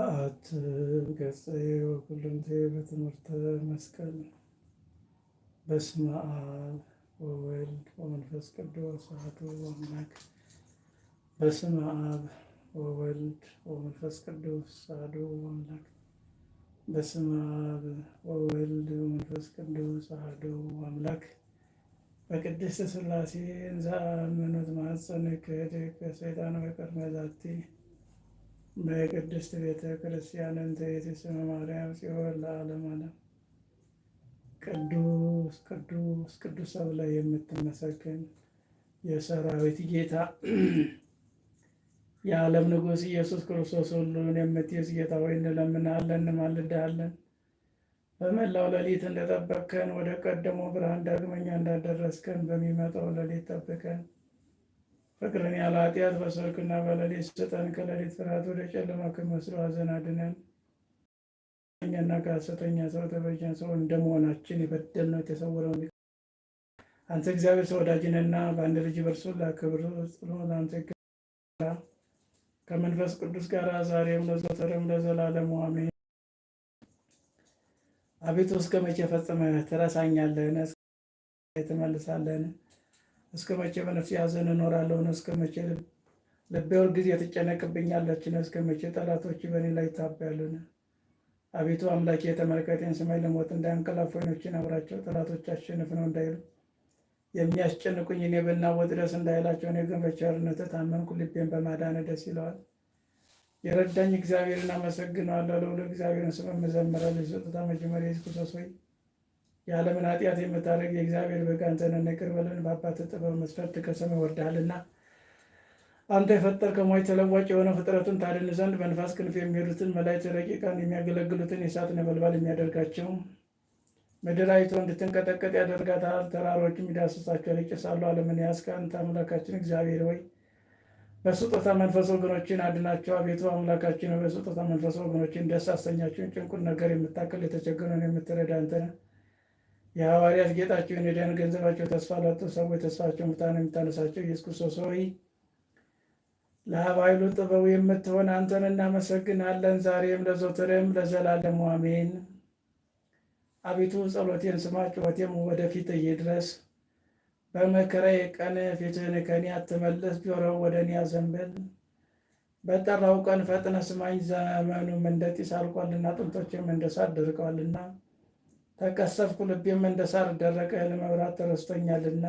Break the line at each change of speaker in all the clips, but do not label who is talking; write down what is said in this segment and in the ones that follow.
አት ገጽ ወኩልንቴ በትምህርተ መስቀል በስመ አብ ወወልድ ወመንፈስ ቅዱስ አሐዱ አምላክ በስመ አብ ወወልድ ወመንፈስ ቅዱስ አሐዱ አምላክ በስመ አብ ወወልድ ወመንፈስ ቅዱስ አሐዱ አምላክ በቅድስት ሥላሴ እንዘ አመኑት በቀር መዛቲ በቅድስት ቤተ ክርስቲያን እንተ የትስመ ማርያም ሲሆን ለዓለም ዓለም። ቅዱስ ቅዱስ ቅዱስ ተብላ የምትመሰገን የሰራዊት ጌታ የዓለም ንጉሥ ኢየሱስ ክርስቶስ ሁሉን የምትይዝ ጌታ ሆይ እንለምንሃለን፣ እንማልድሃለን። በመላው ሌሊት እንደጠበቅከን ወደ ቀደሞ ብርሃን ዳግመኛ እንዳደረስከን በሚመጣው ሌሊት ጠብቀን ፍቅርን ያለ ኃጢአት በሰርክና በሌሊት ስጠን። ከሌሊት ፍርሃት ወደ ጨለማ ከሚወስደው ሐዘን አድነን። እኛና ከሐሰተኛ ሰው ተበጃን ሰው እንደመሆናችን የበደልነው የተሰወረው አንተ እግዚአብሔር ሰው ወዳጅንና በአንድ ልጅ በእርሱ ላክብር ጽሎ ለአንተ ከመንፈስ ቅዱስ ጋር ዛሬም ለዘወትርም ለዘላለሙ አሜን። አቤቱ እስከ መቼ ፈጽመህ ትረሳኛለህን? ትመልሳለህን? እስከ መቼ በነፍሴ ሐዘን እኖራለሁ? እስከ መቼ ልቤ ሁልጊዜ ትጨነቅብኛለች እስከ መቼ ጠላቶች በእኔ ላይ ይታበያሉን? አቤቱ አምላኬ የተመልከቴን ስማኝ፣ ለሞት እንዳያንቀላፉ ዓይኖችን አብራቸው። ጠላቶች አሸንፍ ነው እንዳይሉ የሚያስጨንቁኝ እኔ በናወጥ ደስ እንዳይላቸው። እኔ ግን በቸርነትህ ታመንኩ፣ ልቤን በማዳንህ ደስ ይለዋል። የረዳኝ እግዚአብሔርን አመሰግነዋለሁ። ለሁሉ እግዚአብሔርን ስም እዘምራለሁ። የስጦታ መጀመሪያ ኢየሱስ ክርስቶስ ሆይ የዓለምን ኃጢአት የምታደርግ የእግዚአብሔር በግ አንተ ነህ። በለን በአባት ጥበብ መስፈርት ከሰማይ ወርደሃልና አንተ የፈጠር ከሟች ተለዋጭ የሆነ ፍጥረቱን ታድን ዘንድ በንፋስ ክንፍ የሚሄዱትን መላእክት ረቂቃን የሚያገለግሉትን የእሳት ነበልባል የሚያደርጋቸው ምድራዊቷ እንድትንቀጠቀጥ ያደርጋታል። ተራሮችም ይዳስሳቸዋል፣ ይጭሳሉ። ዓለምን ያስክ አንተ አምላካችን እግዚአብሔር ወይ በስጦታ መንፈስ ወገኖችን አድናቸው። አቤቱ አምላካችን በስጦታ መንፈስ ወገኖችን ደስ አሰኛቸውን። ጭንቁን ነገር የምታክል የተቸገረን የምትረዳ አንተ ነህ። የሐዋርያት ጌጣቸው የነዳያን ገንዘባቸው ተስፋ ላጡ ሰዎች ተስፋቸው ሙታን የምታነሳቸው ኢየሱስ ክርስቶስ ሆይ ለአብ ጥበቡ የምትሆን አንተን እናመሰግናለን፣ ዛሬም ለዘወትርም ለዘላለሙ አሜን። አቤቱ ጸሎቴን ስማ፣ ጩኸቴም ወደፊት ይድረስ። በመከራዬ ቀን ፊትህን ከኔ አትመልስ፣ ጆሮህ ወደ እኔ አዘንብል። በጠራው ቀን ፈጥነ ስማኝ። ዘመኑም እንደ ጢስ አልቋልና፣ አጥንቶችም እንደ ሳር ደርቀዋልና ተቀሰፍኩ ልቤም እንደ ሳር ደረቀ፣ ለመብራት ተረስቶኛልና።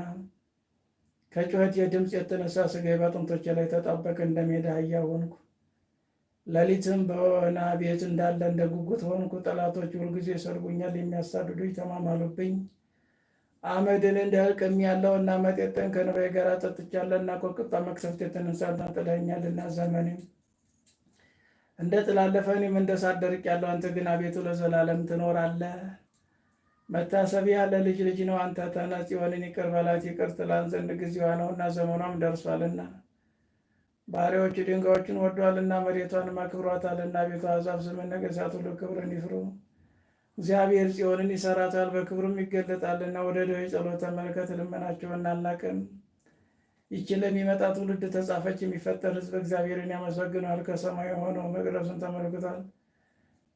ከጩኸት የድምፅ የተነሳ ሥጋዬ በአጥንቶቼ ላይ ተጣበቀ፣ እንደ ሜዳ አህያ ሆንኩ። ሌሊትም በወህኒ ቤት እንዳለ እንደ ጉጉት ሆንኩ። ጠላቶች ሁልጊዜ ይሰርጉኛል፣ የሚያሳድዱኝ ተማማሉብኝ። አመድን ያለው እና መጤጠን ከንባይ ጋር ጠጥቻለ እና ከቁጣ መቅሰፍት የተነሳ ጥለኸኛልና ዘመኔም እንደ ጥላለፈ እኔም እንደ ሳር ደርቄአለሁ። አንተ ግን አቤቱ ለዘላለም ትኖራለህ። መታሰቢያ ለልጅ ልጅ ነው። አንተ ተነስ ጽዮንን ይቅር በላት፣ ይቅር ትላን ዘንድ ጊዜዋ ነውና ዘመኗም ደርሷልና። ባሪያዎቹ ድንጋዮችን ወዷልና መሬቷንም አክብሯታልና። ቤቷ አሕዛብ ስምን ነገሥታት ሁሉ ክብርን ይፍሩ። እግዚአብሔር ጽዮንን ይሰራታል በክብሩም ይገለጣልና። ወደ ደዌ ጸሎት ተመልከት፣ ልመናቸውን አልናቅም። ይችን ለሚመጣ ትውልድ ተጻፈች። የሚፈጠር ሕዝብ እግዚአብሔርን ያመሰግነዋል። ከሰማይ የሆነው መቅደሱን ተመልክቷል።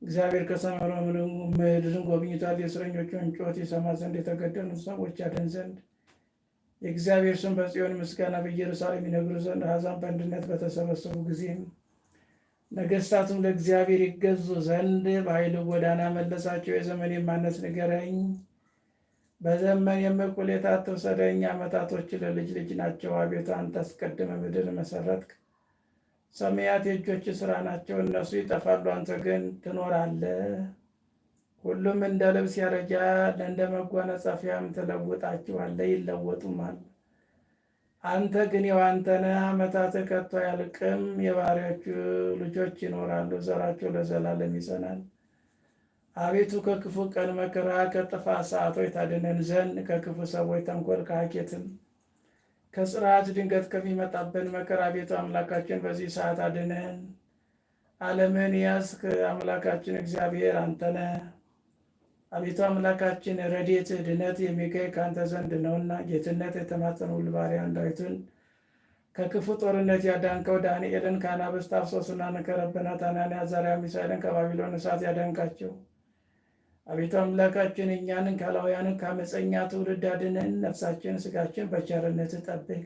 እግዚአብሔር ከሰማይ ምድርን ጎብኝቷል። የእስረኞቹን ጩኸት ይሰማ ዘንድ የተገደሉ ሰዎች ያድን ዘንድ የእግዚአብሔር ስም በጽዮን ምስጋና በኢየሩሳሌም ይነግሩ ዘንድ አሕዛብ በአንድነት በተሰበሰቡ ጊዜም ነገስታቱም ለእግዚአብሔር ይገዙ ዘንድ በኃይል ጎዳና መለሳቸው። የዘመን የማነት ንገረኝ፣ በዘመን እኩሌታ ተውሰደኝ። ዓመታቶች ለልጅ ልጅ ናቸው። አቤቱ አንተ አስቀድመ ምድር መሰረትክ ሰማያት የእጆች ሥራ ናቸው፣ እነሱ ይጠፋሉ፣ አንተ ግን ትኖራለህ። ሁሉም እንደ ልብስ ያረጃል፣ እንደ መጎናጸፊያም ትለውጣቸዋለህ፣ ይለወጡማል። አንተ ግን የዋንተነ ነህ፣ ከቶ አያልቅም። የባሪያዎቹ ልጆች ይኖራሉ፣ ዘራቸው ለዘላለም ይጸናል። አቤቱ ከክፉ ቀን መከራ፣ ከጥፋት ሰዓቶች ታድነን ዘንድ ከክፉ ሰዎች ተንኮል ከሀኬትም ከጽርዓት ድንገት ከሚመጣብን መከራ ቤቱ አምላካችን በዚህ ሰዓት አድነን። ዓለምን ያስክ አምላካችን እግዚአብሔር አንተነ አቤቱ አምላካችን ረዴት ድነት የሚገኝ ከአንተ ዘንድ ነውና ጌትነት የተማጸኑ ልባሪያን ዳዊትን ከክፉ ጦርነት ያዳንከው ዳንኤልን ከአናብስት አፍሶስና ንከረብና ታናንያ አዛርያ ሚሳኤልን ከባቢሎን እሳት ያዳንካቸው አቤቱ አምላካችን እኛንን ካላውያንን ከአመፀኛ ትውልድ አድነን፣ ነፍሳችን ስጋችን በቸርነት ጠብቅ።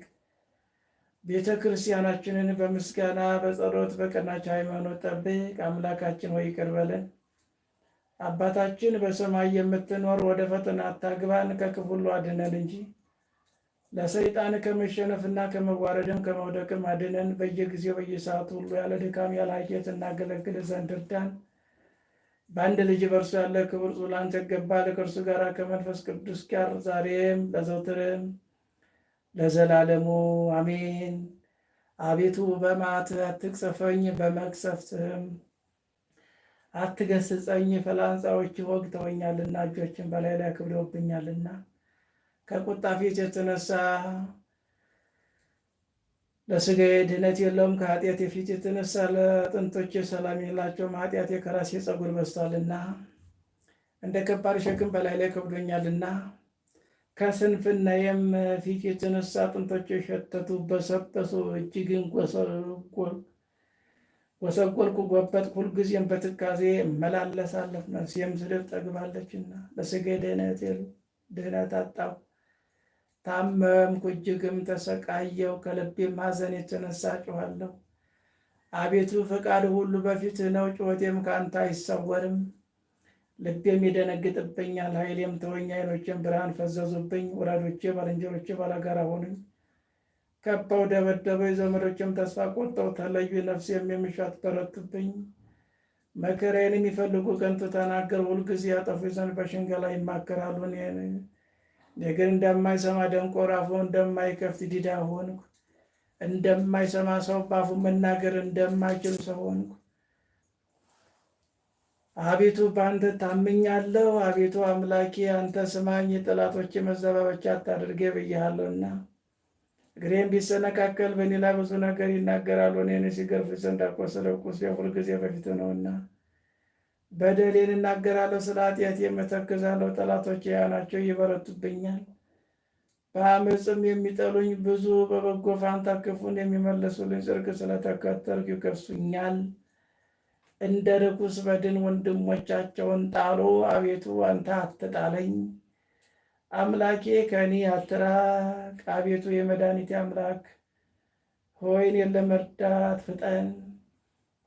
ቤተ ክርስቲያናችንን በምስጋና በጸሎት በቀናች ሃይማኖት ጠብቅ። አምላካችን ሆይ ይቅር በለን። አባታችን በሰማይ የምትኖር ወደ ፈተና አታግባን፣ ከክፉሉ አድነን እንጂ ለሰይጣን ከመሸነፍና ከመዋረድም ከመውደቅም አድነን። በየጊዜው በየሰዓቱ ሁሉ ያለ ድካም ያለ ሀኬት እናገለግል ዘንድ እርዳን። በአንድ ልጅ በእርሱ ያለ ክብር ጹ ላንተ ይገባል ከእርሱ ጋር ከመንፈስ ቅዱስ ጋር ዛሬም ለዘውትርም ለዘላለሙ አሜን። አቤቱ በመዓትህ አትቅሰፈኝ፣ በመቅሰፍትህም አትገስጸኝ። ፈላንፃዎች ወግተውኛልና እጆችን በላይ ላይ አክብደውብኛልና ከቁጣ ፊት የተነሳ ለሥጋዬ ድኅነት የለውም ከኃጢአት የፊት የተነሳ ለአጥንቶቼ ሰላም የላቸውም። ኃጢአት ከራሴ ጸጉር በዝቷልና እንደ ከባድ ሸክም በላይ ላይ ከብዶኛልና ከስንፍናዬም ፊት የተነሳ አጥንቶቼ ሸተቱ፣ በሰበሱ፣ እጅግን ጎሰቆልኩ፣ ጎበጥኩ። ሁልጊዜም በትካዜ እመላለሳለሁ፣ ነፍሴም ስድብ ጠግባለችና ለሥጋዬ ድህነት አጣሁ። ታመምኩ፣ እጅግም ተሰቃየው፣ ከልቤም ሐዘን የተነሳ ጮኋለሁ። አቤቱ ፈቃድ ሁሉ በፊት ነው፣ ጩኸቴም ከአንተ አይሰወርም። ልቤም ይደነግጥብኛል፣ ኃይሌም ተወኝ። ዓይኖቼም ብርሃን ፈዘዙብኝ፣ ወዳጆቼ ባልንጀሮቼ ባላጋራ ሆኑኝ። ከበው ደበደበኝ፣ ዘመዶችም ተስፋ ቆርጠው ተለዩ። ነፍሴም የሚሻት በረቱብኝ። መከራዬንም ይፈልጉ ከንቱ ተናገር፣ ሁልጊዜ ያጠፉ ዘንድ በሽንገላ ይማከራሉ። ነገር እንደማይሰማ ደንቆሮ አፉ እንደማይከፍት ዲዳ ሆንኩ። እንደማይሰማ ሰው በአፉ መናገር እንደማይችል ሰው ሆንኩ። አቤቱ በአንተ ታምኛለሁ። አቤቱ አምላኬ አንተ ስማኝ፣ የጠላቶች መዘባበቻ አታድርጌ ብያለሁና። እግሬም ቢሰነካከል በኔ ላይ ብዙ ነገር ይናገራሉ። እኔን ሲገርፍ ዘንድ አቆሰለው፣ ቁስ ሁልጊዜ በፊት ነውና በደሌን እናገራለሁ፣ ስለ ኃጢአቴም የመተክዛለሁ። ጠላቶች ሕያው ይበረቱብኛል። በአመፅም የሚጠሉኝ ብዙ፣ በበጎ ፋንታ ክፉን የሚመልሱልኝ ጽድቅ ስለተከተልኩ ይከሱኛል። እንደ ርኩስ በድን ወንድሞቻቸውን ጣሉ። አቤቱ አንተ አትጣለኝ፣ አምላኬ ከኔ አትራቅ። አቤቱ የመድኃኒቴ አምላክ ሆይን የለመርዳት ፍጠን።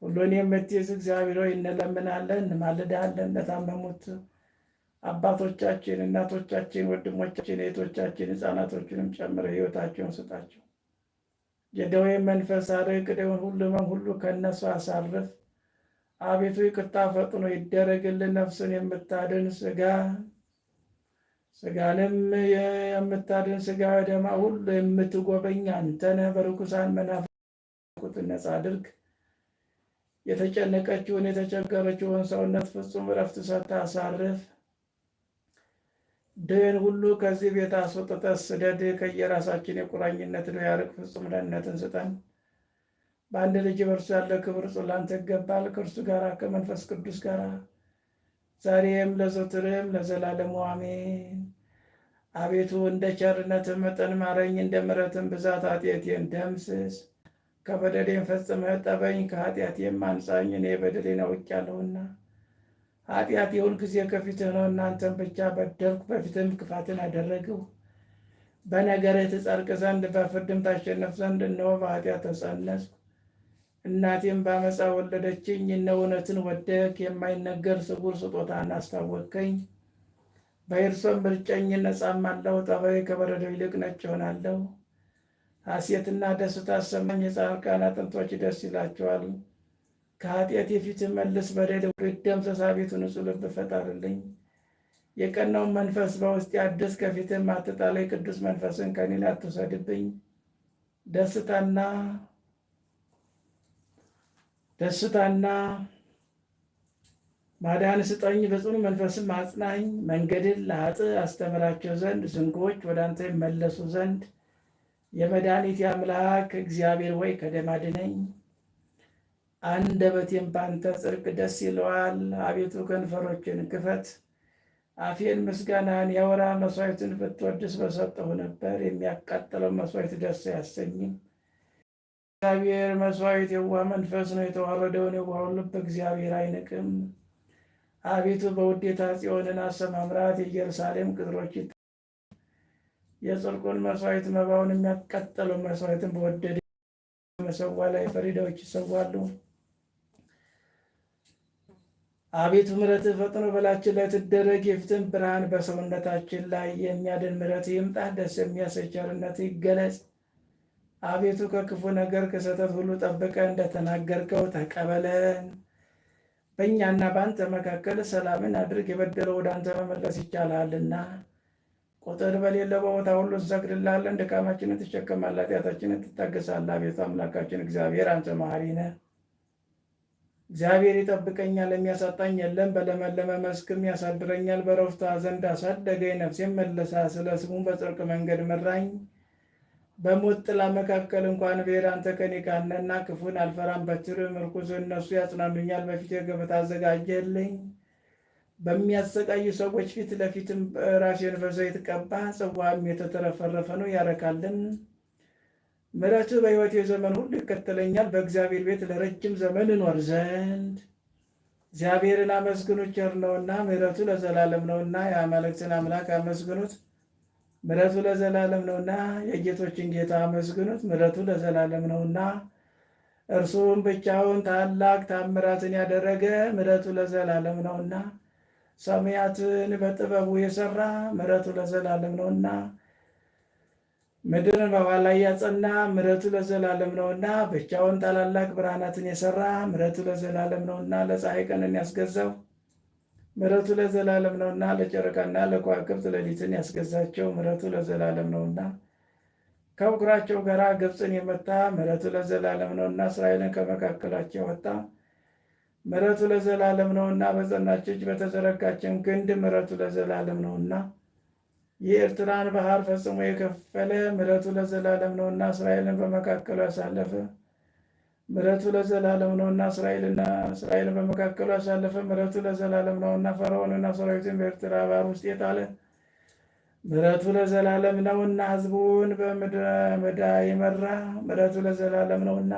ሁሉን የምትይዝ እግዚአብሔር ሆይ እንለምናለን፣ እንማልዳለን ለታመሙት አባቶቻችን፣ እናቶቻችን፣ ወንድሞቻችን፣ እህቶቻችን ህፃናቶችንም ጨምረ ህይወታቸውን ስጣቸው። የደዌ መንፈስ አርቅ፣ ደዌን ሁሉ ህመም ሁሉ ከእነሱ አሳርፍ። አቤቱ ይቅርታ ፈጥኖ ይደረግልን። ነፍስን የምታድን ስጋ ስጋንም የምታድን ስጋ ደማ ሁሉ የምትጎበኝ አንተነህ በርኩሳን መናፍቁትን ነጻ አድርግ። የተጨነቀችውን የተቸገረችውን ሰውነት ፍጹም እረፍት አሳርፍ ድህን ሁሉ ከዚህ ቤት አስወጥተህ ስደድ፣ ከየራሳችን የቁራኝነት ነው ያርቅ፣ ፍጹም ደህንነትን ስጠን። በአንድ ልጅ በእርሱ ያለ ክብር ሁሉ ትገባል ይገባል፣ ከእርሱ ጋር ከመንፈስ ቅዱስ ጋር ዛሬም ለዘወትርም ለዘላለሙ አሜን። አቤቱ እንደ ቸርነት መጠን ማረኝ፣ እንደ ምሕረትህም ብዛት ኃጢአቴን ደምስስ ከበደሌን ፈጽመ ጠበኝ፣ ከኃጢአቴም አንጻኝ፣ እኔ በደሌን አውቄአለሁና። ኃጢአቴ ሁልጊዜ ከፊትህ ነው፣ እናንተን ብቻ በደልኩ፣ በፊትም ክፋትን አደረግሁ። በነገርህ ትጸድቅ ዘንድ በፍርድም ታሸነፍ ዘንድ እነሆ በኃጢአት ተጸነስኩ። እናቴም በአመፃ ወለደችኝ። እነ እውነትን ወደክ የማይነገር ስውር ስጦታን አስታወቅከኝ። በኤርሶን ብርጨኝ እነጻማለሁ፣ ጠባይ ከበረዶ ይልቅ ነጭ እሆናለሁ። ሐሴትና ደስታ አሰማኝ። የጻድቃን አጥንቶች ደስ ይላቸዋል። ከኃጢአት የፊት መልስ በደል ደምስሳ ቤቱን ንጹሕ ልብ ፈጣርልኝ። የቀናውን መንፈስ በውስጥ አድስ፣ ከፊትም አትጣለኝ። ቅዱስ መንፈስን ከኔ አትውሰድብኝ። ደስታና ደስታና ማዳን ስጠኝ፣ በጽኑ መንፈስም አጽናኝ። መንገድን ለአጥ አስተምራቸው ዘንድ ዝንጎች ወደ አንተ ይመለሱ ዘንድ የመድኃኒት አምላክ እግዚአብሔር ወይ ከደም አድነኝ። አንደበቴም ባንተ ጽድቅ ደስ ይለዋል። አቤቱ ከንፈሮችን ክፈት፣ አፌን ምስጋናን ያወራ። መስዋዕትን ብትወድስ በሰጠሁ ነበር፣ የሚያቃጥለው መስዋዕት ደስ አያሰኝም። እግዚአብሔር መስዋዕት የዋ መንፈስ ነው፣ የተዋረደውን የዋሁን ልብ እግዚአብሔር አይንቅም። አቤቱ በውዴታ ጽዮንን አሰማምራት፣ የኢየሩሳሌም ቅጥሮች ይታ የጽድቁን መስዋዕት መባውን የሚያቃጠለው መስዋዕትን በወደደ መሰዋ ላይ ፈሪዳዎች ይሰዋሉ። አቤቱ ምረት ፈጥኖ በላችን ላይ ትደረግ። የፊትን ብርሃን በሰውነታችን ላይ የሚያድን ምረት ይምጣ። ደስ የሚያሰኝ ቸርነት ይገለጽ። አቤቱ ከክፉ ነገር ከስህተት ሁሉ ጠብቀ እንደተናገርከው ተቀበለን። በእኛና በአንተ መካከል ሰላምን አድርግ። የበደለው ወደ አንተ መመለስ ይቻላልና ቁጥር በሌለ በቦታ ሁሉ ትሰግድልሃለን፣ ድካማችንን ትሸከማለህ፣ ኃጢአታችንን ትታገሳለህ። አቤቱ አምላካችን እግዚአብሔር አንተ መሐሪ ነህ። እግዚአብሔር ይጠብቀኛል፣ የሚያሳጣኝ የለም። በለመለመ መስክም ያሳድረኛል። በረፍታ ዘንድ አሳደገኝ፣ ነፍሴን መለሳ ስለ ስሙ በጽድቅ መንገድ መራኝ። በሞት ጥላ መካከል እንኳን ብሔር አንተ ከኔ ክፉን አልፈራም። በትር ምርኩዝ እነሱ ያጽናኑኛል። በፊት ገበታ አዘጋጀልኝ በሚያሰቃዩ ሰዎች ፊት ለፊትም ራሴን ፈሶ የተቀባ ጽዋም የተተረፈረፈ ነው ያረካልን። ምሕረትህ በሕይወቴ ዘመን ሁሉ ይከተለኛል፣ በእግዚአብሔር ቤት ለረጅም ዘመን እኖር ዘንድ። እግዚአብሔርን አመስግኑ፣ ቸር ነውና ምሕረቱ ለዘላለም ነውና። የአማልክትን አምላክ አመስግኑት፣ ምሕረቱ ለዘላለም ነውና። የጌቶችን ጌታ አመስግኑት፣ ምሕረቱ ለዘላለም ነውና። እርሱም ብቻውን ታላቅ ታምራትን ያደረገ ምሕረቱ ለዘላለም ነውና። ሰማያትን በጥበቡ የሰራ ምሕረቱ ለዘላለም ነውና ምድርን በውኃ ላይ ያጸና ምሕረቱ ለዘላለም ነውና ብቻውን ታላላቅ ብርሃናትን የሰራ ምሕረቱ ለዘላለም ነውና ለፀሐይ ቀንን ያስገዛው ምሕረቱ ለዘላለም ነውና ለጨረቃና ለከዋክብት ሌሊትን ያስገዛቸው ምሕረቱ ለዘላለም ነውና ከብኩራቸው ጋር ግብፅን የመታ ምሕረቱ ለዘላለም ነውና እስራኤልን ከመካከላቸው ወጣ። ምረቱ ለዘላለም ነውና በጸናች እጅ በተዘረጋችም ክንድ ምረቱ ለዘላለም ነውና የኤርትራን ባህር ፈጽሞ የከፈለ ምረቱ ለዘላለም ነውና እስራኤልን በመካከሉ ያሳለፈ ምረቱ ለዘላለም ነውና እስራኤልና እስራኤልን በመካከሉ ያሳለፈ ምረቱ ለዘላለም ነውና ፈርዖንና ሰራዊቱን በኤርትራ ባህር ውስጥ የጣለ ምረቱ ለዘላለም ነውና ሕዝቡን በምድረ በዳ የመራ ምረቱ ለዘላለም ነውና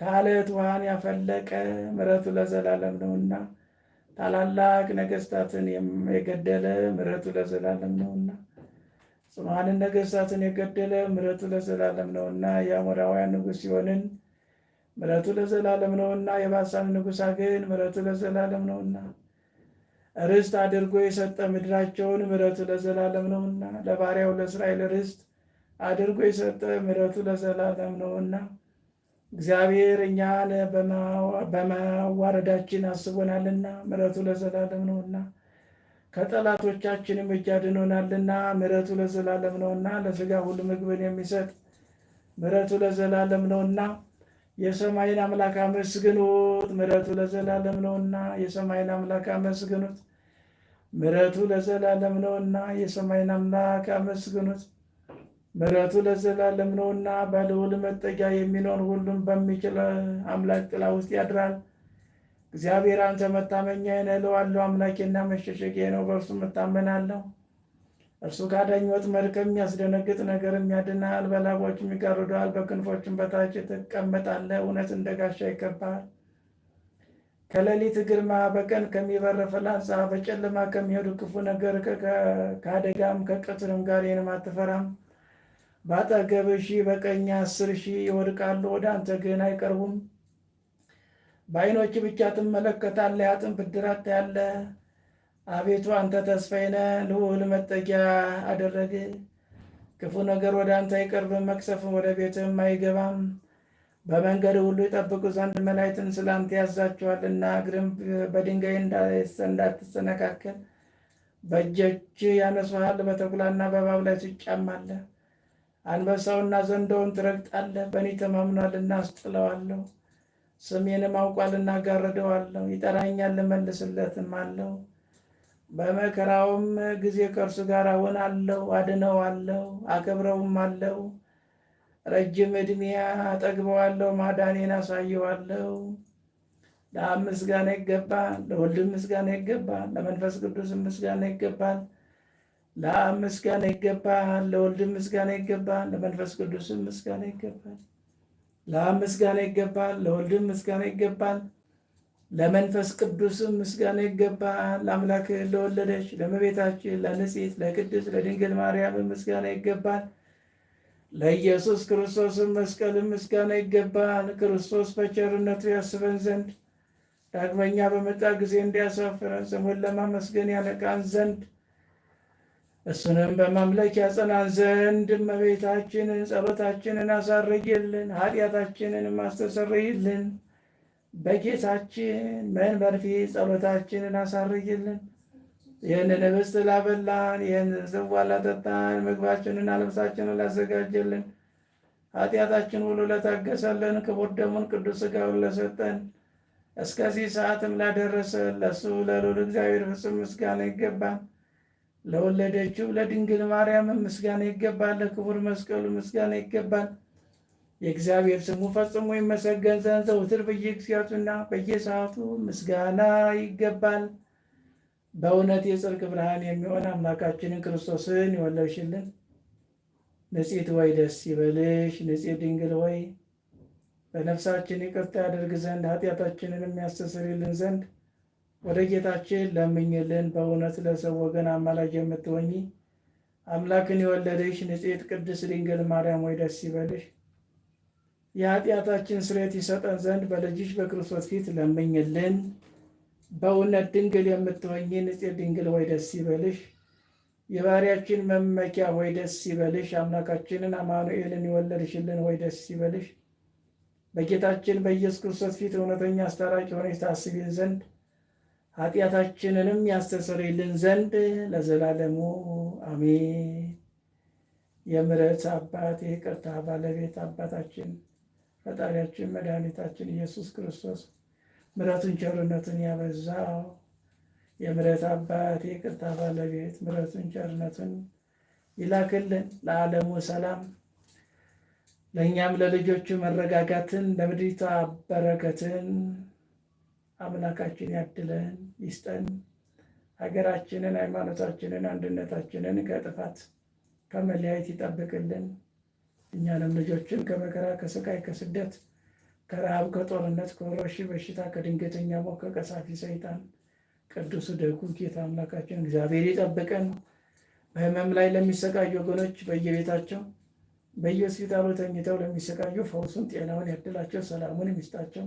ከአለት ውሃን ያፈለቀ ምረቱ ለዘላለም ነውና፣ ታላላቅ ነገስታትን የገደለ ምረቱ ለዘላለም ነውና፣ ጽኑዓንን ነገስታትን የገደለ ምረቱ ለዘላለም ነውና፣ የአሞራውያን ንጉሥ ሲሆንን ምረቱ ለዘላለም ነውና፣ የባሳን ንጉሥ ዐግን ምረቱ ለዘላለም ነውና፣ ርስት አድርጎ የሰጠ ምድራቸውን ምረቱ ለዘላለም ነውና፣ ለባሪያው ለእስራኤል ርስት አድርጎ የሰጠ ምረቱ ለዘላለም ነውና እግዚአብሔር እኛን በማዋረዳችን አስቦናልና ምሕረቱ ለዘላለም ነውና፣ ከጠላቶቻችንም እጅ አድኖናልና ምሕረቱ ለዘላለም ነውና፣ ለስጋ ሁሉ ምግብን የሚሰጥ ምሕረቱ ለዘላለም ነውና፣ የሰማይን አምላክ አመስግኑት፣ ምሕረቱ ለዘላለም ነውና፣ የሰማይን አምላክ አመስግኑት፣ ምሕረቱ ለዘላለም ነውና፣ የሰማይን አምላክ አመስግኑት ምሕረቱ ለዘላለም ነውና በልዑል መጠጊያ የሚኖር ሁሉም በሚችል አምላክ ጥላ ውስጥ ያድራል። እግዚአብሔር አንተ መታመኛዬ ነህ እለዋለሁ፣ አምላኬና መሸሸጌ ነው፣ በእርሱ እታመናለሁ። እርሱ ካዳኝ ወጥመድ ከሚያስደነግጥ ነገርም ያድናል። በላቦችም ይጋርደዋል፣ በክንፎችም በታች ትቀመጣለህ። እውነት እንደ ጋሻ ይከብብሃል። ከሌሊት ግርማ በቀን ከሚበር ፍላጻ በጨለማ ከሚሄዱ ክፉ ነገር ከአደጋም ከቀትርም ጋር ይንም አትፈራም። በአጠገብ ሺህ በቀኝ አስር ሺህ ይወድቃሉ፣ ወደ አንተ ግን አይቀርቡም። በዓይኖች ብቻ ትመለከታለህ፣ ኃጥእ ብድራት ታያለህ። አቤቱ አንተ ተስፋዬ ነህ፣ ልዑል መጠጊያ አደረግ ክፉ ነገር ወደ አንተ አይቀርብም፣ መቅሰፍም ወደ ቤትም አይገባም። በመንገድ ሁሉ ይጠብቁ ዘንድ መላእክትን ስለ አንተ ያዛቸዋልና፣ እግርም በድንጋይ እንዳትሰነካከል በእጆችህ ያነሱሃል። በተኩላና በእባብ ላይ ትጫማለህ። አንበሳውና ዘንዶውን ትረግጣለህ። በእኔ ተማምኗልና አስጥለዋለሁ። ስሜንም አውቋልና ጋርደዋለሁ። ይጠራኛል ልመልስለትም አለው። በመከራውም ጊዜ ከእርሱ ጋር እሆናለሁ፣ አድነዋለሁ፣ አከብረውም አለው። ረጅም ዕድሜ አጠግበዋለሁ፣ ማዳኔን አሳየዋለሁ። ለአብ ምስጋና ይገባል፣ ለወልድ ምስጋና ይገባል፣ ለመንፈስ ቅዱስ ምስጋና ይገባል ለአብ ምስጋና ይገባል፣ ለወልድ ምስጋና ይገባል፣ ለመንፈስ ቅዱስም ምስጋና ይገባል። ለአብ ምስጋና ይገባል፣ ለወልድም ምስጋና ይገባል፣ ለመንፈስ ቅዱስም ምስጋና ይገባል። ለአምላክህ ለወለደች ለመቤታችን ለንጽሕት ለቅድስት ለድንግል ማርያም ምስጋና ይገባል። ለኢየሱስ ክርስቶስም መስቀልም ምስጋና ይገባል። ክርስቶስ በቸርነቱ ያስበን ዘንድ ዳግመኛ በመጣ ጊዜ እንዲያሳፍረን ስሙን ለማመስገን ያነቃን ዘንድ እሱንም በማምለክ ያጸናን ዘንድ እመቤታችንን ጸሎታችንን አሳርጊልን፣ ኃጢአታችንን ማስተሰርይልን። በጌታችን መንበር ፊት ጸሎታችንን አሳርጊልን። ይህንን ህብስት ላበላን፣ ይህንን ጽዋ ላጠጣን፣ ምግባችንና አልብሳችንን ላዘጋጀልን፣ ኃጢአታችን ሁሉ ለታገሰልን፣ ክቡር ደሙን ቅዱስ ሥጋውን ለሰጠን እስከዚህ ሰዓትም ላደረሰን ለእሱ ለልዑል እግዚአብሔር ፍጹም ምስጋና ይገባል። ለወለደችው ለድንግል ማርያም ምስጋና ይገባል። ለክቡር መስቀሉ ምስጋና ይገባል። የእግዚአብሔር ስሙ ፈጽሞ ይመሰገን ዘንድ ዘውትር በየጊዜያቱና በየሰዓቱ ምስጋና ይገባል። በእውነት የጽድቅ ብርሃን የሚሆን አምላካችንን ክርስቶስን ይወለሽልን። ንጽሕት ወይ ደስ ይበልሽ። ንጽሕት ድንግል ወይ በነፍሳችን ይቅርታ ያደርግ ዘንድ ኃጢአታችንን የሚያስተሰርይልን ዘንድ ወደ ጌታችን ለምኝልን። በእውነት ለሰው ወገን አማላጅ የምትወኝ አምላክን የወለደሽ ንጽሕት ቅድስት ድንግል ማርያም ወይ ደስ ይበልሽ። የኃጢአታችን ስርየት ይሰጠን ዘንድ በልጅሽ በክርስቶስ ፊት ለምኝልን። በእውነት ድንግል የምትወኝ ንጽሕት ድንግል ወይ ደስ ይበልሽ። የባሪያችን መመኪያ ወይ ደስ ይበልሽ። አምላካችንን አማኑኤልን የወለድሽልን ወይ ደስ ይበልሽ። በጌታችን በኢየሱስ ክርስቶስ ፊት እውነተኛ አስታራቂ ሆነች ታስቢን ዘንድ ኃጢአታችንንም ያስተሰርይልን ዘንድ ለዘላለሙ አሜን። የምሕረት አባት የይቅርታ ባለቤት አባታችን ፈጣሪያችን መድኃኒታችን ኢየሱስ ክርስቶስ ምሕረቱን ቸርነቱን ያበዛው የምሕረት አባት የይቅርታ ባለቤት ምሕረቱን ቸርነቱን ይላክልን ለዓለሙ ሰላም ለእኛም ለልጆቹ መረጋጋትን ለምድሪቷ በረከትን አምላካችን ያድለን ይስጠን። ሀገራችንን፣ ሃይማኖታችንን፣ አንድነታችንን ከጥፋት ከመለያየት ይጠብቅልን። እኛንም ልጆችን ከመከራ፣ ከስቃይ፣ ከስደት፣ ከረሃብ፣ ከጦርነት፣ ከወረርሽ በሽታ፣ ከድንገተኛ ሞት፣ ከቀሳፊ ሰይጣን ቅዱሱ ደጉ ጌታ አምላካችን እግዚአብሔር ይጠብቀን። በህመም ላይ ለሚሰቃዩ ወገኖች በየቤታቸው በየሆስፒታሉ ተኝተው ለሚሰቃዩ ፈውሱን ጤናውን ያድላቸው፣ ሰላሙን ይስጣቸው።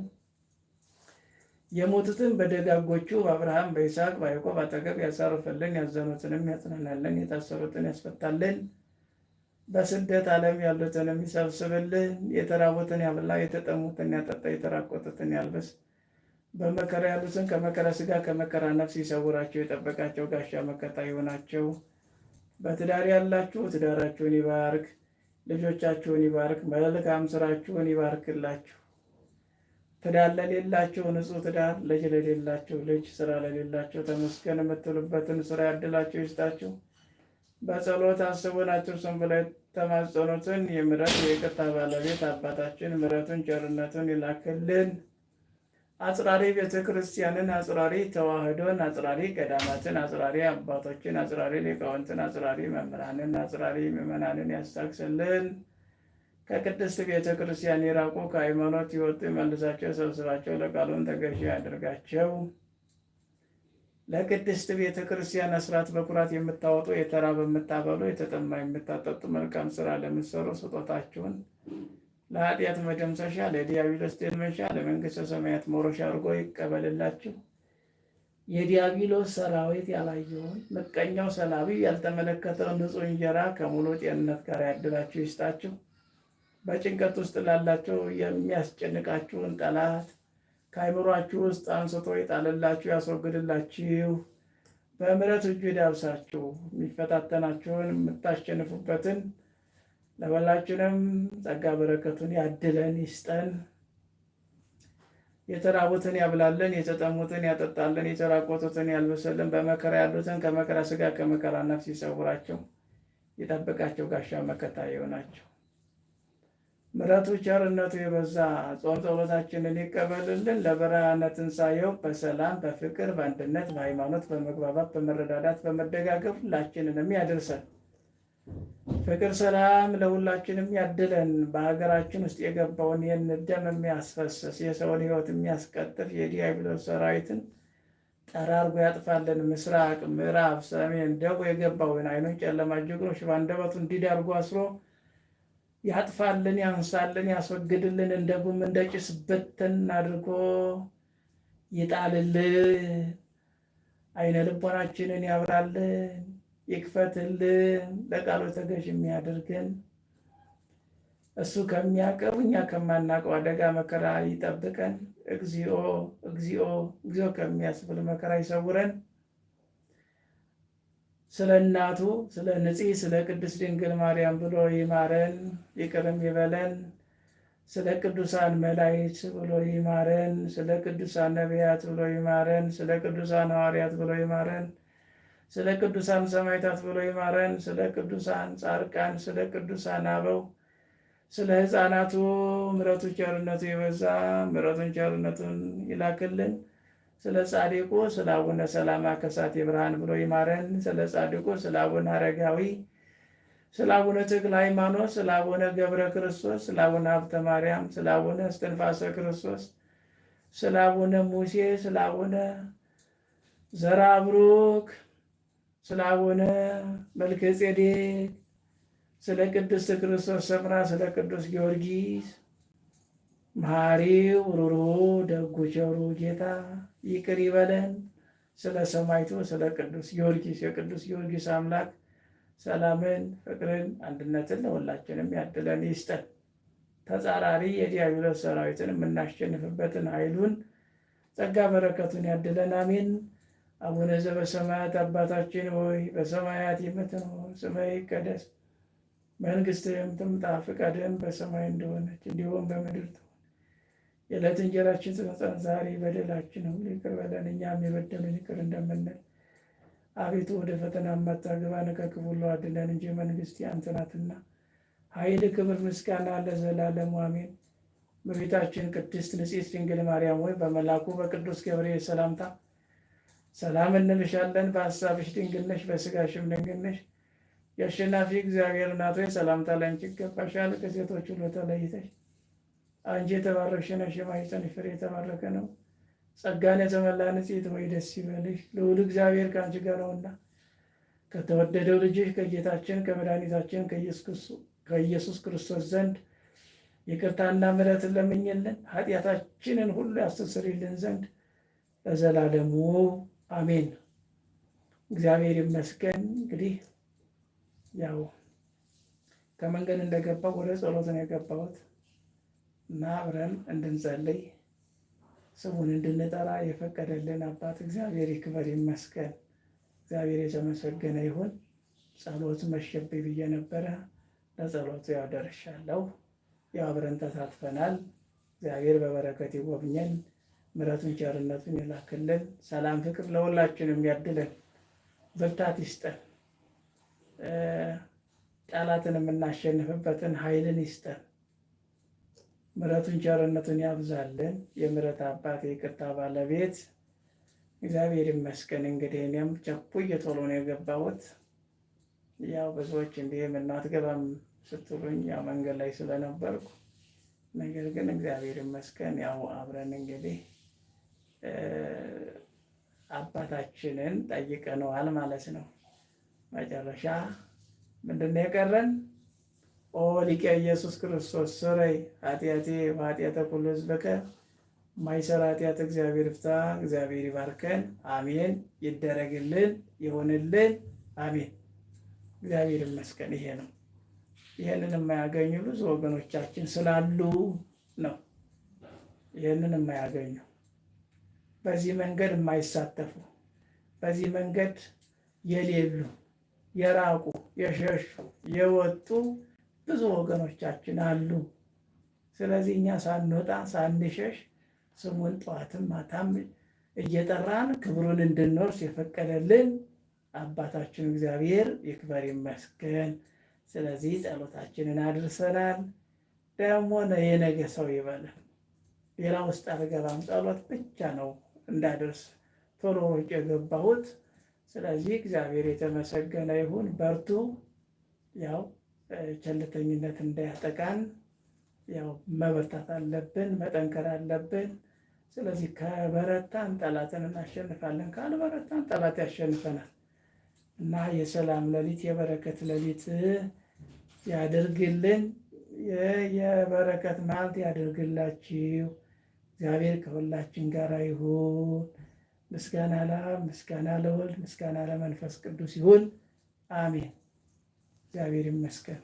የሞቱትን በደጋጎቹ በአብርሃም በይስሐቅ በያዕቆብ አጠገብ ያሳርፈልን፣ ያዘኑትንም ያጽናናልን፣ የታሰሩትን ያስፈታልን፣ በስደት ዓለም ያሉትንም ይሰብስብልን፣ የተራቡትን ያብላ፣ የተጠሙትን ያጠጣ፣ የተራቆቱትን ያልብስ፣ በመከራ ያሉትን ከመከራ ስጋ ከመከራ ነፍስ ይሰውራቸው፣ የጠበቃቸው ጋሻ መከታ ይሆናቸው። በትዳር ያላችሁ ትዳራችሁን ይባርክ፣ ልጆቻችሁን ይባርክ፣ መልካም ስራችሁን ይባርክላችሁ። ትዳር ለሌላቸው ንጹህ ትዳር፣ ልጅ ለሌላቸው ልጅ፣ ስራ ለሌላቸው ተመስገን የምትሉበትን ስራ ያድላቸው ይስጣቸው። በጸሎት አስቡናቸው። እርሱን ብለው የተማጸኑትን የምሕረት የይቅርታ ባለቤት አባታችን ምሕረቱን ቸርነቱን ይላክልን። አጽራሪ ቤተ ክርስቲያንን፣ አጽራሪ ተዋህዶን፣ አጽራሪ ገዳማትን፣ አጽራሪ አባቶችን፣ አጽራሪ ሊቃውንትን፣ አጽራሪ መምህራንን፣ አጽራሪ ምዕመናንን ያስታክስልን። ከቅድስት ቤተ ክርስቲያን የራቁ ከሃይማኖት የወጡ መልሳቸው ሰብስባቸው ለቃሉን ተገዢ ያደርጋቸው። ለቅድስት ቤተ ክርስቲያን አስራት በኩራት የምታወጡ የተራ በምታበሉ የተጠማ የምታጠጡ መልካም ስራ ለምሰሩ ስጦታችሁን ለኃጢአት መደምሰሻ ለዲያብሎስ ድል መንሻ ለመንግስተ ሰማያት መሮሻ አድርጎ ይቀበልላችሁ። የዲያብሎስ ሰራዊት ያላየውን ምቀኛው ሰላቢ ያልተመለከተውን ንጹሕ እንጀራ ከሙሉ ጤንነት ጋር ያድላችሁ ይስጣችሁ። በጭንቀት ውስጥ ላላቸው የሚያስጨንቃችሁን ጠላት ከአይምሯችሁ ውስጥ አንስቶ ይጣልላችሁ፣ ያስወግድላችሁ። በምሕረት እጁ ይዳብሳችሁ። የሚፈታተናችሁን የምታሸንፉበትን ለበላችንም ጸጋ በረከቱን ያድለን ይስጠን። የተራቡትን ያብላልን፣ የተጠሙትን ያጠጣልን፣ የተራቆቱትን ያልብስልን። በመከራ ያሉትን ከመከራ ስጋ ከመከራ ነፍስ ይሰውራቸው፣ የጠበቃቸው ጋሻ መከታ የሆናቸው ምሕረቱ ቸርነቱ የበዛ ጾም ጸሎታችንን ይቀበልልን። ለብርሃነ ትንሣኤው በሰላም በፍቅር በአንድነት በሃይማኖት በመግባባት በመረዳዳት በመደጋገፍ ሁላችንንም ያደርሰን። ፍቅር ሰላም ለሁላችንም ያድለን። በሀገራችን ውስጥ የገባውን ይህን ደም የሚያስፈስስ የሰውን ሕይወት የሚያስቀጥፍ የዲያብሎስ ሰራዊትን ጠራርጎ ያጥፋልን። ምስራቅ፣ ምዕራብ፣ ሰሜን፣ ደቡብ የገባውን አይኑን ጨለማ ጅግኖ እንዲዳርጎ አስሮ ያጥፋልን፣ ያንሳልን፣ ያስወግድልን፣ እንደ ጉም እንደ ጭስ በተን አድርጎ ይጣልልን። አይነ ልቦናችንን ያብራልን፣ ይክፈትልን፣ ለቃሉ ተገዥ የሚያደርግን እሱ ከሚያቀው እኛ ከማናቀው አደጋ መከራ ይጠብቀን። እግዚኦ እግዚኦ እግዚኦ ከሚያስብል መከራ ይሰውረን። ስለ እናቱ ስለ ንጽሕ ስለ ቅድስት ድንግል ማርያም ብሎ ይማረን ይቅርም ይበለን። ስለ ቅዱሳን መላእክት ብሎ ይማረን። ስለ ቅዱሳን ነቢያት ብሎ ይማረን። ስለ ቅዱሳን ሐዋርያት ብሎ ይማረን። ስለ ቅዱሳን ሰማዕታት ብሎ ይማረን። ስለ ቅዱሳን ጻድቃን፣ ስለ ቅዱሳን አበው፣ ስለ ሕፃናቱ ምሕረቱ ቸርነቱ ይበዛ ምሕረቱን ቸርነቱን ይላክልን። ስለ ጻድቁ ስለ አቡነ ሰላማ ከሳቴ ብርሃን ብሎ ይማረን። ስለ ጻድቁ ስለ አቡነ አረጋዊ፣ ስለ አቡነ ተክለ ሃይማኖት፣ ስለ አቡነ ገብረ ክርስቶስ፣ ስለ አቡነ ሀብተ ማርያም፣ ስለ አቡነ እስትንፋሰ ክርስቶስ፣ ስለ አቡነ ሙሴ፣ ስለ አቡነ ዘራ ብሩክ፣ ስለ አቡነ መልከ ጼዴቅ፣ ስለ ቅድስት ክርስቶስ ሰምራ፣ ስለ ቅዱስ ጊዮርጊስ መሐሪው ሩሩ ደጉ ቸሩ ጌታ ይቅር ይበለን። ስለ ሰማይቱ ስለ ቅዱስ ጊዮርጊስ የቅዱስ ጊዮርጊስ አምላክ ሰላምን፣ ፍቅርን፣ አንድነትን ለሁላችንም ያድለን ይስጠን። ተጻራሪ የዲያብሎስ ሰራዊትን የምናሸንፍበትን ኃይሉን ጸጋ በረከቱን ያድለን። አሜን። አቡነ ዘበሰማያት አባታችን ሆይ በሰማያት የምትኖር ስምህ ይቀደስ፣ መንግስትህም ትምጣ፣ ፍቃድህም በሰማይ እንደሆነች እንዲሁም በምድር የዕለት እንጀራችን ስጠን ዛሬ፣ በደላችንም ይቅር በለን እኛም የበደሉንን ይቅር እንደምንል። አቤቱ ወደ ፈተና አታግባን ከክፉ ሁሉ አድነን እንጂ መንግስት ያንተ ናትና፣ ኃይል፣ ክብር፣ ምስጋና ለዘላለሙ አሜን። እመቤታችን ቅድስት ንጽሕት ድንግል ማርያም ሆይ በመልአኩ በቅዱስ ገብርኤል ሰላምታ ሰላም እንልሻለን። በሐሳብሽ ድንግል ነሽ፣ በሥጋሽም ድንግል ነሽ። የአሸናፊ እግዚአብሔር እናት ሆይ ሰላምታ ላንቺ ይገባሻል። ከሴቶች ሁሉ ተለይተሽ አንቺ የተባረክሽ ነሽ፣ የማኅፀንሽ ፍሬ የተባረከ ነው። ጸጋን የተመላን ንጽሕት ሆይ ደስ ይበልሽ፣ ልዑል እግዚአብሔር ከአንቺ ጋር ነውና፣ ከተወደደው ልጅሽ ከጌታችን ከመድኃኒታችን ከኢየሱስ ክርስቶስ ዘንድ ይቅርታና ምሕረትን ለምኝልን ኃጢአታችንን ሁሉ ያስተስርልን ዘንድ ለዘላለሙ አሜን። እግዚአብሔር ይመስገን። እንግዲህ ያው ከመንገድ እንደገባው ወደ ጸሎት ነው የገባሁት። እና አብረን እንድንጸልይ ስሙን እንድንጠራ የፈቀደልን አባት እግዚአብሔር ይክበር ይመስገን። እግዚአብሔር የተመሰገነ ይሁን። ጸሎት መሸብኝ ብዬ ነበረ። ለጸሎቱ ያው ያው አብረን ተሳትፈናል። እግዚአብሔር በበረከት ይጎብኘን፣ ምረቱን ቸርነቱን ይላክልን፣ ሰላም ፍቅር ለሁላችንም ያድለን፣ ብርታት ይስጠን፣ ጠላትን የምናሸንፍበትን ኃይልን ይስጠን። ምረቱን ቸርነቱን ያብዛልን። የምረት አባት የቅርታ ባለቤት እግዚአብሔር ይመስገን። እንግዲህ እኔም ቸኩዬ ቶሎ ነው የገባሁት። ያው ብዙዎች እንዲህም እናትገባም ስትሉኝ ያው መንገድ ላይ ስለነበርኩ፣ ነገር ግን እግዚአብሔር ይመስገን ያው አብረን እንግዲህ አባታችንን ጠይቀነዋል ማለት ነው። መጨረሻ ምንድን ነው የቀረን? ኦ ሊቀ ኢየሱስ ክርስቶስ ስረይ ኃጢአቴ በኃጢአተ ኩሉ ህዝብ በከ ማይሰራ ኃጢአት እግዚአብሔር ፍታ። እግዚአብሔር ይባርከን። አሜን። ይደረግልን፣ ይሆንልን። አሜን። እግዚአብሔር ይመስገን። ይሄ ነው። ይህንን የማያገኙ ብዙ ወገኖቻችን ስላሉ ነው። ይህንን የማያገኙ በዚህ መንገድ የማይሳተፉ በዚህ መንገድ የሌሉ የራቁ የሸሹ የወጡ ብዙ ወገኖቻችን አሉ። ስለዚህ እኛ ሳንወጣ ሳንሸሽ ስሙን ጠዋትም ማታም እየጠራን ክብሩን እንድንወርስ የፈቀደልን አባታችን እግዚአብሔር ይክበር ይመስገን። ስለዚህ ጸሎታችንን አድርሰናል። ደግሞ የነገ ሰው ይበለን። ሌላ ውስጥ አልገባም። ጸሎት ብቻ ነው እንዳደርስ ቶሎ ሮጬ የገባሁት። ስለዚህ እግዚአብሔር የተመሰገነ ይሁን። በርቱ ያው ቸልተኝነት እንዳያጠቃን ያው መበርታት አለብን፣ መጠንከር አለብን። ስለዚህ ከበረታን ጠላትን እናሸንፋለን፣ ካልበረታን ጠላት ያሸንፈናል እና የሰላም ሌሊት የበረከት ሌሊት ያድርግልን፣ የበረከት መዓልት ያድርግላችሁ። እግዚአብሔር ከሁላችን ጋር ይሁን። ምስጋና ለአብ፣ ምስጋና ለወልድ፣ ምስጋና ለመንፈስ ቅዱስ ይሁን። አሜን። እግዚአብሔር ይመስገን።